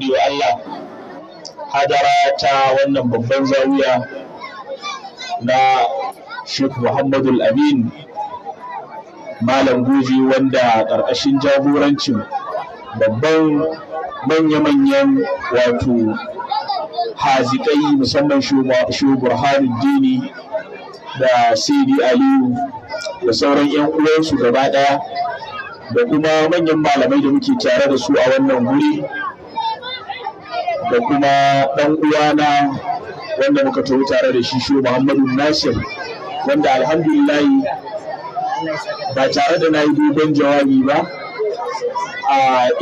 gode wa Allah hadara ta wannan babban zawiya na Sheikh Muhammadul Amin Malam Guji wanda ƙarƙashin jagorancin babban manya-manyan wato haziƙai musamman Dini da Sidi Aliyu da sauran 'yan uwansu gaba ɗaya da kuma manyan malamai da muke tare da su a wannan guri. da kuma ɗan uwana wanda muka taho tare da shi shi Muhammadu Nasir wanda alhamdulillah ba tare da na yi dogon jawabi ba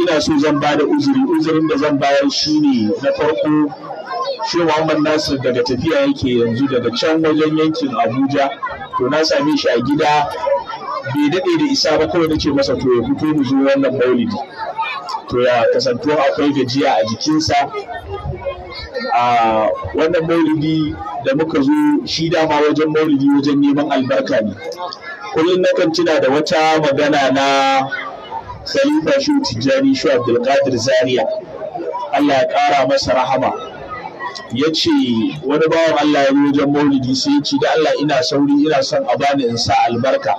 ina so zan ba da uzuri uzurin da zan bayar shi ne na farko shi Muhammadu Nasir daga tafiya yake yanzu daga can wajen yankin Abuja to na same shi a gida bai daɗe da isa ba kawai nake masa to ya fito mu zo wannan maulidi to ya kasanto akwai gajiya a jikinsa a wannan maulidi da muka zo shi dama wajen maulidi wajen neman albarka ne kullum na kan tuna da wata magana na khalifa shu tijjani shu abdulkadir zaria allah ya kara masa rahama ya ce wani bawan allah ya wajen maulidi sai ya ce da allah ina sauri ina son a bani in sa albarka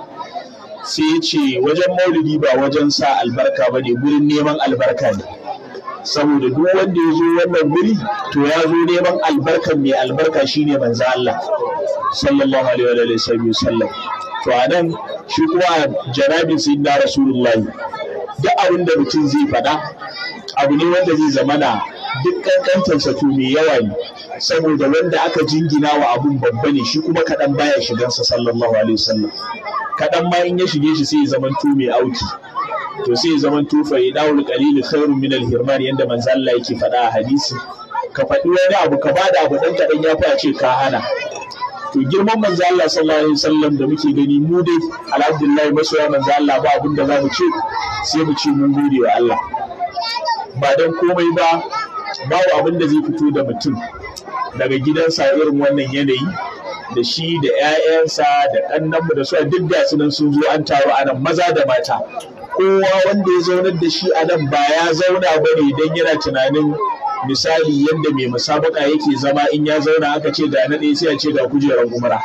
sai ya ce wajen maulidi ba wajen sa albarka ba ne gurin neman albarka ne saboda duk wanda ya zo wannan guri to ya zo neman albarkan mai albarka shine manzo Allah sallallahu alaihi wa sallam to anan shi kuma janabi sayyidina rasulullahi duk abin da mutum zai faɗa abu ne wanda zai zamana duk kankantarsa to mai yawa ne saboda wanda aka jingina wa abun babba ne shi kuma kaɗan baya shigansa sallallahu alaihi wasallam kaɗan ma in ya shige shi sai ya zama to mai auki to sai ya zama to fa idawul qalil khairu min al yanda manzo Allah yake faɗa a hadisi ka faɗi wani abu ka bada abu dan kaɗan ya fi ce ka hana to girman manzo Allah sallallahu alaihi wasallam da muke gani mu dai alhamdulillah masoya manzo Allah ba abin da za mu ce sai mu ce mun gode wa Allah ba dan komai ba babu abin da zai fito da mutum daga gidansa irin wannan yanayi da shi da 'ya'yansa da ƙannanmu da su a duk da sunan sun zo an taru a nan maza da mata kowa wanda ya zaunar da shi a nan ba ya zauna ba ne don yana tunanin misali yadda mai musabaka yake zama in ya zauna aka ce da na ɗaya sai a ce ga kujerar umra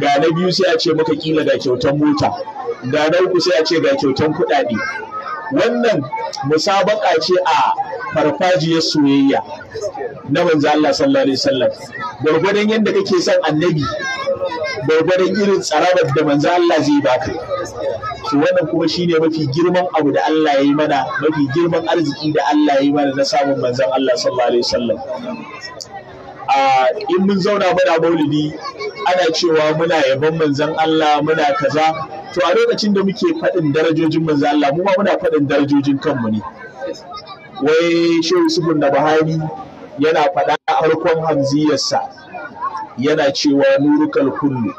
ga na biyu sai a ce maka kila ga kyautan mota ga na uku sai a ce ga kyautan kuɗaɗe wannan musabaka ce a farfajiyar soyayya na manzo Allah sallallahu alaihi wasallam gwargwadon yadda kake son annabi gwargwadon irin tsarabar da manzo Allah zai baka to wannan kuma shine mafi girman abu da Allah ya yi mana mafi girman arziki da Allah ya yi mana na samun manzon Allah sallallahu alaihi wasallam in mun zauna muna maulidi ana cewa muna yabon manzon Allah muna kaza to a lokacin da muke faɗin darajojin manzo Allah mu ma muna faɗin darajojin kanmu ne wai shehu sufun da bahari yana faɗa a farkon hamziyarsa yana cewa nurukal kullu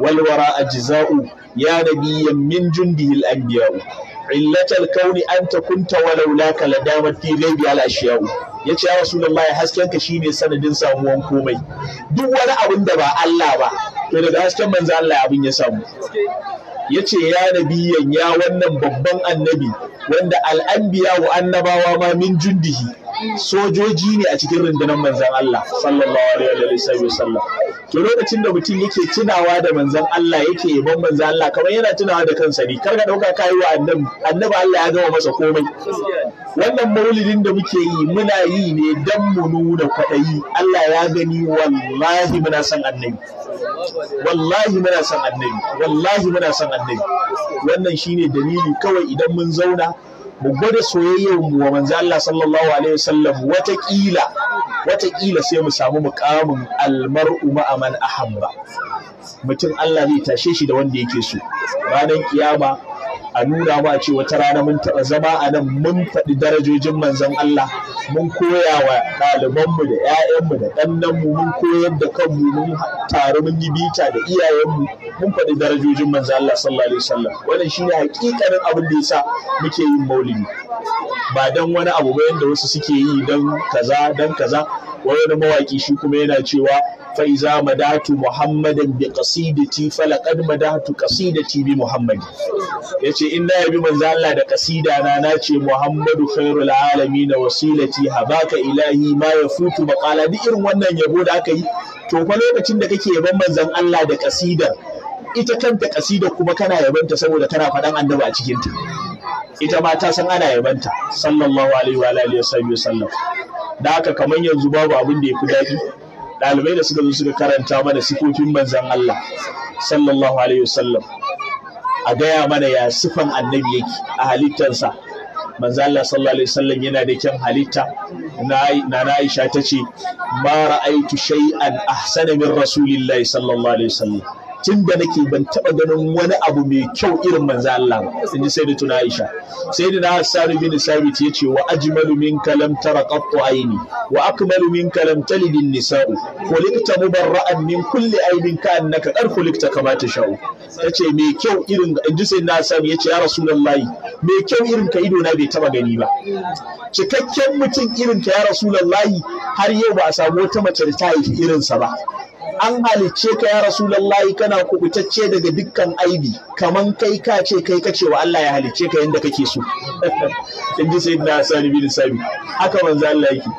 walwara ajza'u ya nabiyyan min jundihil anbiya'u illatal kauni anta kunta walau laka ladamat fi ghaibi al ashiya'u yace ya rasulullahi hasken ka shine sanadin samuwan komai duk wani abin da ba Allah ba to daga hasken manzo Allah abin ya samu ya ce ya nabiyan ya wannan babban annabi wanda al'anbiya wa annabawa ma min jundihi sojoji ne a cikin rundunar manzan Allah sallallahu alaihi wa sallam to lokacin da mutum yake tunawa da manzan Allah yake yaban manzan Allah kamar yana tunawa da kansa ne kar ka dauka kai wa annabi annabi Allah ya gama masa komai wannan maulidin da muke yi muna yi ne dan mu nuna kwaɗayi Allah ya gani wallahi muna son annabi wallahi muna son annabi wallahi muna son annabi wannan shine dalili kawai idan mun zauna mu gwada soyayyar mu wa manzo Allah sallallahu alaihi wasallam watakila watakila sai mu samu muqamin almar'u ma'a man ahabba mutum Allah zai tashe shi da wanda yake so ranar kiyama a nuna ma ce wata rana mun taɓa zama a nan mun faɗi darajojin manzon Allah mun koya wa ɗalibanmu da 'ya'yanmu da ɗannanmu mun koyar da kanmu mun taru mun yi bita da iyayenmu mun faɗi darajojin manzon Allah sallallahu alaihi wasallam wannan shine hakikanin abin da yasa muke yin maulidi ba dan wani abu ba yanda wasu suke yi dan kaza dan kaza wani mawaki shi kuma yana cewa Fa'iza Muhammadu Muhammadu ya ce in na ya bi manzanla da kasidana na ce Muhammadu ya ce na wasulita maƙala. Ba ka bi illahi ma ya futu baƙala. Ni irin wannan yabo da aka yi to fa lokacin da kake yaban ban ban Allah da kasidar ita kanta ƙasidar kuma kana yabanta saboda kana ɗan adama a cikinta. Ita ma ta san ana yabanta banta. Sallan mawala yi ba Da haka kaman yanzu babu abin da ya fi daɗi. ɗalibai da suka zo suka karanta mana sifofin manzan Allah sallallahu alaihi wasallam a gaya mana ya sifan annabi yake a halittarsa manzan Allah sallallahu alaihi wasallam yana da kyan halitta na na Aisha tace ma ra'aitu shay'an ahsana min rasulillahi sallallahu alaihi wasallam tun da nake ban taba ganin wani abu mai kyau irin manzo Allah ba sun ji sai tuna Aisha sai da Hassan bin Sabit ya ce wa ajmalu min kalam tara qattu aini wa akmalu min kalam talidin nisa'u khuliqta mubarra'an min kulli aibin ka annaka qad khuliqta kama tasha'u tace mai kyau irin in ji sai na Hassan ya ce ya Rasulullahi mai kyau irin ka ido na bai taba gani ba cikakken mutum irin ka ya Rasulullahi har yau ba a samu wata mace da ta haifi irinsa ba an halicce ka ya rasulallahi kana kubutacce daga dukkan aibi kaman kai ka ce kai ka ce wa Allah ya halicce ka yanda kake so in ji sayyidina Hassan bin Sabi haka manzo Allah yake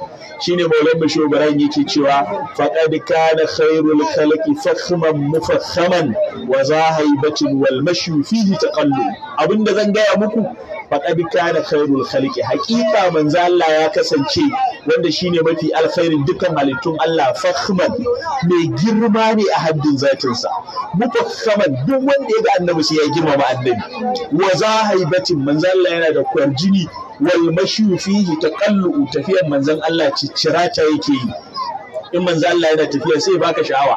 shine maulan bashir ibrahim yake cewa faqad kana khairul khalqi fakhman mufakhaman wa zahaibatin wal mashyu fihi taqallub abinda zan gaya muku faqad kana khairul khalqi haƙiƙa manzo Allah ya kasance wanda shine mafi alkhairin dukkan halittun Allah fakhman mai girma ne a haddin zatinsa mufakkaman duk wanda ya ga annabi sai ya girmama annabi wa zahaibatin manzo Allah yana da kwarjini wal mashu fihi taqallu tafiyan manzon Allah ciccirata yake yi in manzo Allah yana tafiya sai baka sha'awa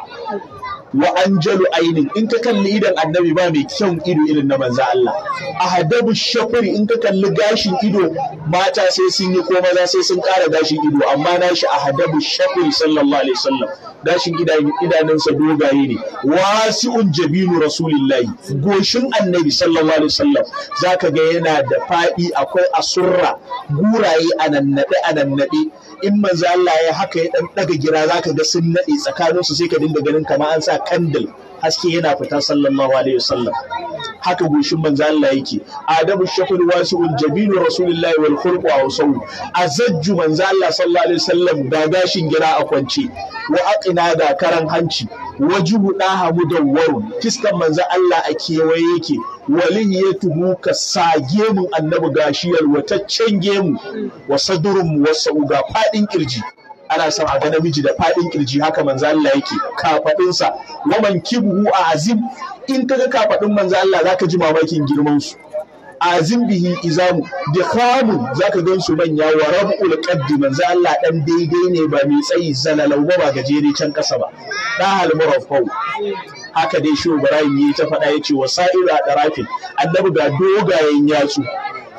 wa anjalu ainin in ka kalli idan annabi ba mai kyan ido irin na manzo Allah A hadabu shakuri in ka kalli gashin ido mata sai sun yi ko maza sai sun ƙara gashin ido amma nashi hadabu shakuri sallallahu alaihi wasallam gashin idanunsa dogaye ne wasi'un jabinu rasulillahi goshin annabi sallallahu alaihi wasallam zaka ga yana da faɗi akwai asurra guraye anannaɗe anannaɗe in manzo Allah ya haka ya dan daga gira zaka ga sun nade tsakaninsu sai ka dinga ganin kamar an sa kandil haske yana fita sallallahu alaihi wasallam haka goshin manzo Allah yake adabu shakul wasul jabilu rasulillahi wal khulqu wa sawu azajju manzo Allah sallallahu alaihi wasallam da gashin gira a kwance wa aqina da karan hanci wajibu da mudawwaru fiskan manzo Allah a kewaye yake waliyatuhu ka sage mu annabi gashiyar wataccen gemu wa wasu wasa uga fadin kirji ana son a ga namiji da faɗin kirji haka manzo Allah yake sa waman kibuhu a azim in ka ga kafadin manzo Allah zaka ji mamakin girman su azim bihi izamu khamu. zaka gan su manya wa rabul qaddi manzo Allah dan daidai ne ba mai tsayi zalalau ba gajere can kasa ba da halmurafau haka dai shi Ibrahim yi ta faɗa yace wa sa'iru a darafin annabi ga dogayen yatsu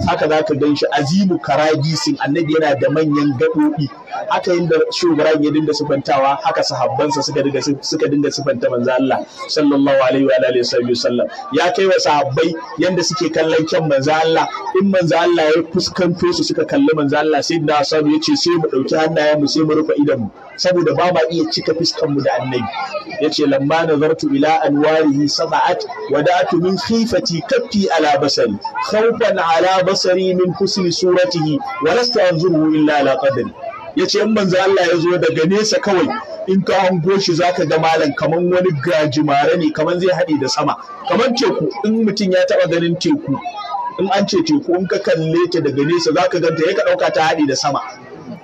haka zaka gan shi azimu karagisin annabi yana da manyan gaɓoɓi haka inda shugaban ya dinga sifantawa haka sahabbansa suka dinga suka dinga sifanta manzo Allah sallallahu alaihi wa alihi wasallam ya kai wa sahabbai yanda suke kallon kyan manzo Allah in manzo Allah ya fuskanto su suka kalli manzo Allah sai da sabu yace sai mu dauki hannayen mu sai mu rufe idan mu saboda ba ma iya cika fuskan mu da annabi yace lamma nazartu ila anwarihi sab'at wada'tu min khifati kaffi ala basari khawfan ala basari min husni suratihi wa lastu anzuru illa ala qadri ya ce in manzo Allah ya zo daga nesa kawai in ka hango shi za ka ga malam kaman wani gajimare ne kaman zai haɗe da sama kaman teku in mutum ya taɓa ganin teku in an ce teku in ka kalle ta daga nesa za ka ganta ya ka ɗauka ta haɗe da sama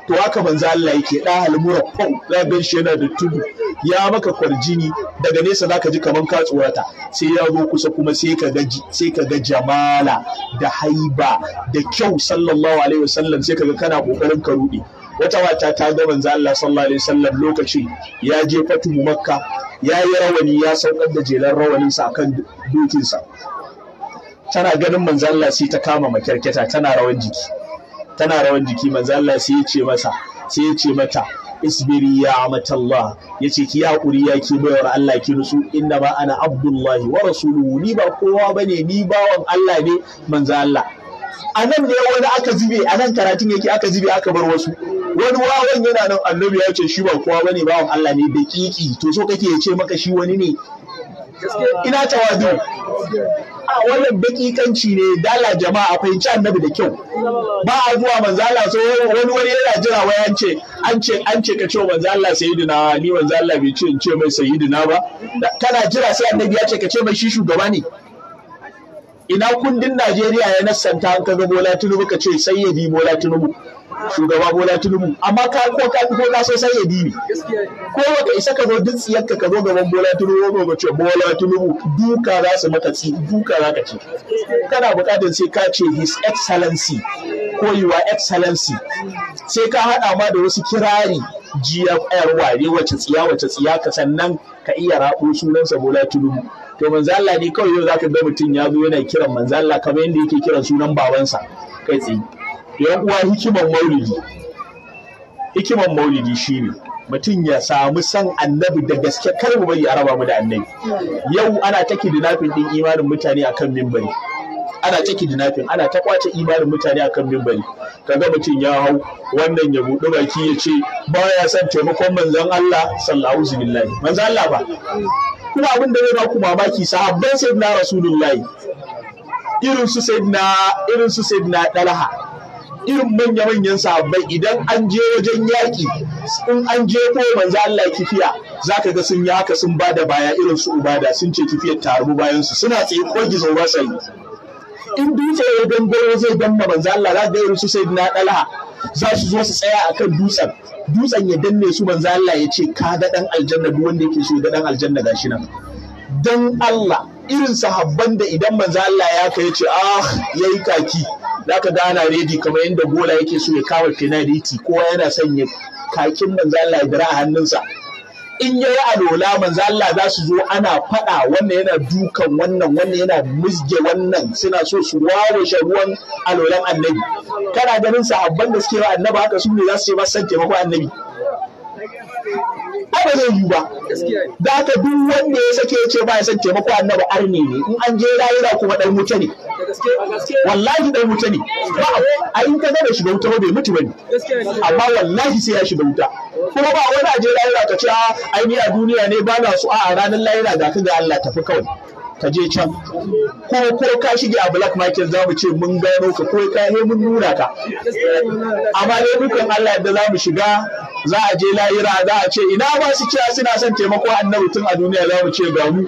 to haka manzo Allah yake ɗa halmura fau za ga shi yana da tudu ya maka kwarjini daga nesa za ka ji kaman ka tsorata sai ya zo kusa kuma sai ka ga sai ka ga jamala da haiba da kyau sallallahu alaihi wasallam sai ka ga kana kokarin ka ruɗe wata wata ta ga manzo Allah sallallahu alaihi wasallam lokaci ya je fatu makka ya yi rawani ya saukar da jelan rawanin sa akan dukin sa tana ganin manzo Allah sai ta kama makyarketa tana rawan jiki tana rawan jiki manzo Allah sai ya ce masa sai ya ce mata isbiri ya Allah ya ce ki haƙuri ya ke bayar Allah ki nutsu inna ma ana abdullahi wa rasuluhu ni ba kowa bane ni bawan Allah ne manzo Allah a nan ne wani aka zube a nan karatun yake aka zube aka bar wasu wani wawan yana nan annabi ya ce shi ba kowa bane bawan Allah ne da kiki to so kake ya ce maka shi wani ne ina tawadu a wannan dakikanci ne dala jama'a akwai ci annabi da kyau ba a zuwa manzo Allah so wani wani yana jira wai an ce an ce an ce ka ce manzo Allah sayyidina ni manzo Allah bai ce in ce mai sayyidina ba kana jira sai annabi ya ce ka ce mai shi shugaba ne ina kundin Najeriya ya nassanta an kaga Bola Tinubu ka ce sai ya bi Bola Tinubu shugaba Bola Tinubu amma ka ko ka ko ka so sai ya bi ne ko ka isa ka zo duk tsiyarka ka zo gaban Bola Tinubu ka ce Bola Tinubu duka za su maka ci duka za ka ci kana buƙatar sai ka ce his excellency ko yiwa excellency sai ka haɗa ma da wasu kirari GFR ware ne wacce tsiya wace tsiya ka sannan ka iya raɓo sunansa Bola Tinubu to manzo Allah ne kawai yau zaka ga mutum ya zo yana kiran manzo Allah kamar yadda yake kiran sunan babansa kai tsaye yan uwa hikiman maulidi hikiman maulidi shine mutum ya samu san annabi da gaske kar mu bari a raba mu da annabi yau ana ta kidnapping din imanin mutane akan mimbari ana ta kidnapping ana ta kwace imanin mutane akan mimbari kaga mutum ya hau wannan ya buɗe baki ya ce baya son taimakon manzon Allah sallallahu alaihi wasallam manzon Allah ba kuma abin da zai ba ku mamaki sahabban sayyidina rasulullahi irin su sayyidina irin su sayyidina dalha irin manya-manyan sahabbai idan an je wajen yaki in an je ko manzo Allah kifiya zaka ga sun yi haka sun bada baya irin su ubada sun ce kifiyar taru bayan su suna tsaye ko gizo ba sai in dutse ya gangaro zai damma manzo Allah za ga su sai na dalha za su zo su tsaya akan dutsen dutsen ya danne su manzo Allah ya ce ka ga dan aljanna duk wanda yake so ga dan aljanna gashi nan dan Allah irin sahabban da idan manzo Allah ya kai ce ah yayi kaki zaka ga ana redi kamar yanda gola yake so ya kawo penalty kowa yana sanya ya kakin manzo Allah ya dira a hannunsa in ya yi alola manzo Allah za su zo ana faɗa wannan yana dukan wannan wannan yana musge wannan suna so su ware shi ruwan alolan annabi kana ganin sahabban da suke wa annabi haka su ne za su yi sanke taimako annabi ai ba zai yi ba da haka duk wanda ya sake ce ba ya san taimako annabi arni ne in an je rayuwa kuma dan wuta ne wallahi dan wuta ne ba a in ka gane shiga wuta ba bai mutu bane amma wallahi sai ya shiga wuta kuma ba wani a je rayuwa ka ce a ah, ai ni a duniya ne ba na su a ranar lahira ga ka ga Allah tafi kawai ka je can ko ko ka shige a black market za mu ce mun gano ka ko ka he mun nuna ka amma dai dukan Allah da za mu shiga za a je lahira za a ce ina ba su cewa suna son taimako annabi tun a duniya za mu ce ga mu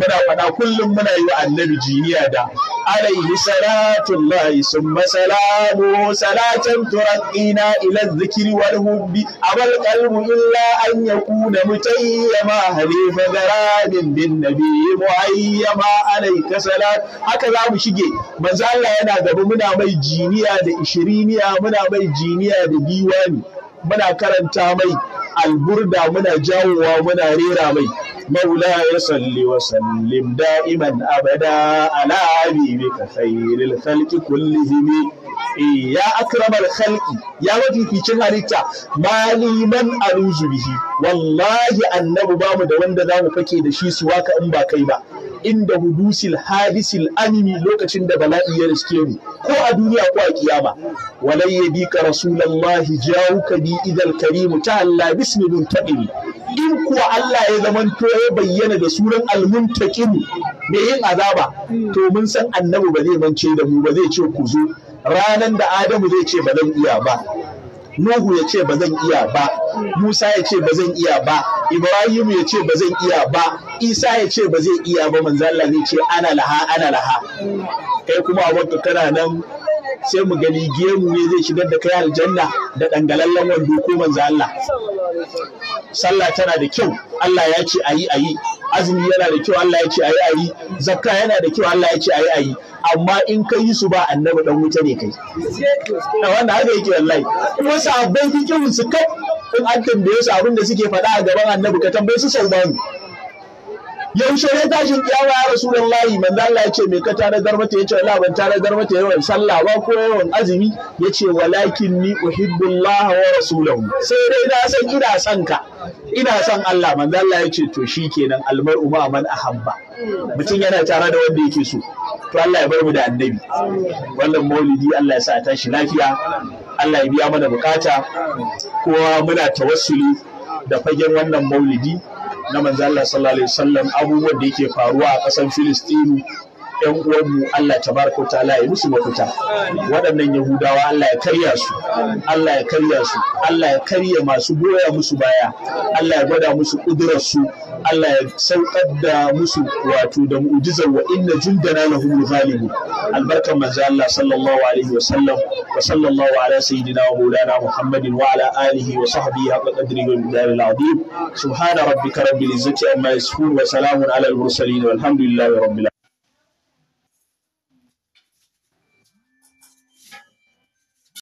muna faɗa kullum muna yi wa annabi jiniya da عليه صلاة الله ثم سلامه صلاة ترقينا إلى الذكر والهب أما القلب إلا أن يكون متيما حليف ذراب بالنبي معيما عليك صلاة هكذا مشيجي مازال لا ينادب منا مي جينيا دا إشرينيا منا مي جينيا دا ديواني muna karanta mai alburda muna jawowa muna rera mai maula ya salli wa sallim da'iman abada ala habibika khairil khalqi kullihim ya akramal khalqi ya mafificin halitta maliman aluzu bihi wallahi annabi bamu da wanda zamu fake da shi su waka in ba kai ba inda hudusil hadisil animi lokacin da bala'i ya riske ni ko a duniya ko a kiyama walai ya bi ka rasulallahi ka bi idal karimu ta Allah bismillah taɗini in kuwa Allah ya zamanto ya bayyana da suran almuntakin me yin azaba to mun san annabi ba zai mance da mu ba zai ce ku zo ranan da Adamu zai ce ba zan iya ba Nuhu ya ce ba zan iya ba, Musa ya ce ba zan iya ba, Ibrahim ya ce ba zan iya ba, Isa ya ce ba zai iya ba manzo Allah zai ce ana laha ana laha. Kai kuma abin kana nan sai mu gani gemu ne zai shigar da kai aljanna da dangalallen wando ko manzo Allah sallah tana da kyau Allah ya ce ayi ayi azumi yana da kyau Allah ya ce ayi ayi zakka yana da kyau Allah ya ce ayi ayi amma in ka yi su ba annabi dan wuta ne kai na wanda haka yake wallahi kuma sahabbai fiqhu su kai in an tambaye su abin da suke faɗa a gaban annabi ka tambaye su sau ba ne. yaushe ne tashin kiyama ya layi manzo Allah ya ce me ka tanadar mata yace Allah ban da mata yawan sallah ba ko yawan azumi Ya yace walakin ni uhibbullaha wa rasulahu sai dai na san ina son ka ina son Allah manzo Allah ya ce to shikenan almar'u ma man ahabba mutum yana tare da wanda yake so to Allah ya bar mu da annabi wannan maulidi Allah ya sa tashi lafiya Allah ya biya mana bukata kowa muna tawassuli da fagen wannan maulidi na manzo Allah sallallahu alaihi wasallam abubuwan da yake faruwa a ƙasar Filistinu yan uwanmu Allah ta tabaraka ta'ala ya musu mafita waɗannan yahudawa Allah ya karya su Allah ya karya su Allah ya karya masu goya musu baya Allah ya gwada musu kudurar su Allah ya saukar da musu wato da mu'jizar wa inna jundana lahum ghalibu albarkan manzo Allah sallallahu alaihi wa sallam wa sallallahu ala sayyidina wa maulana Muhammadin wa ala alihi wa sahbihi haqqa qadrihi wa miqdaril azim subhana rabbika rabbil izzati amma yasifun wa salamun ala al mursalin walhamdulillahi rabbil alamin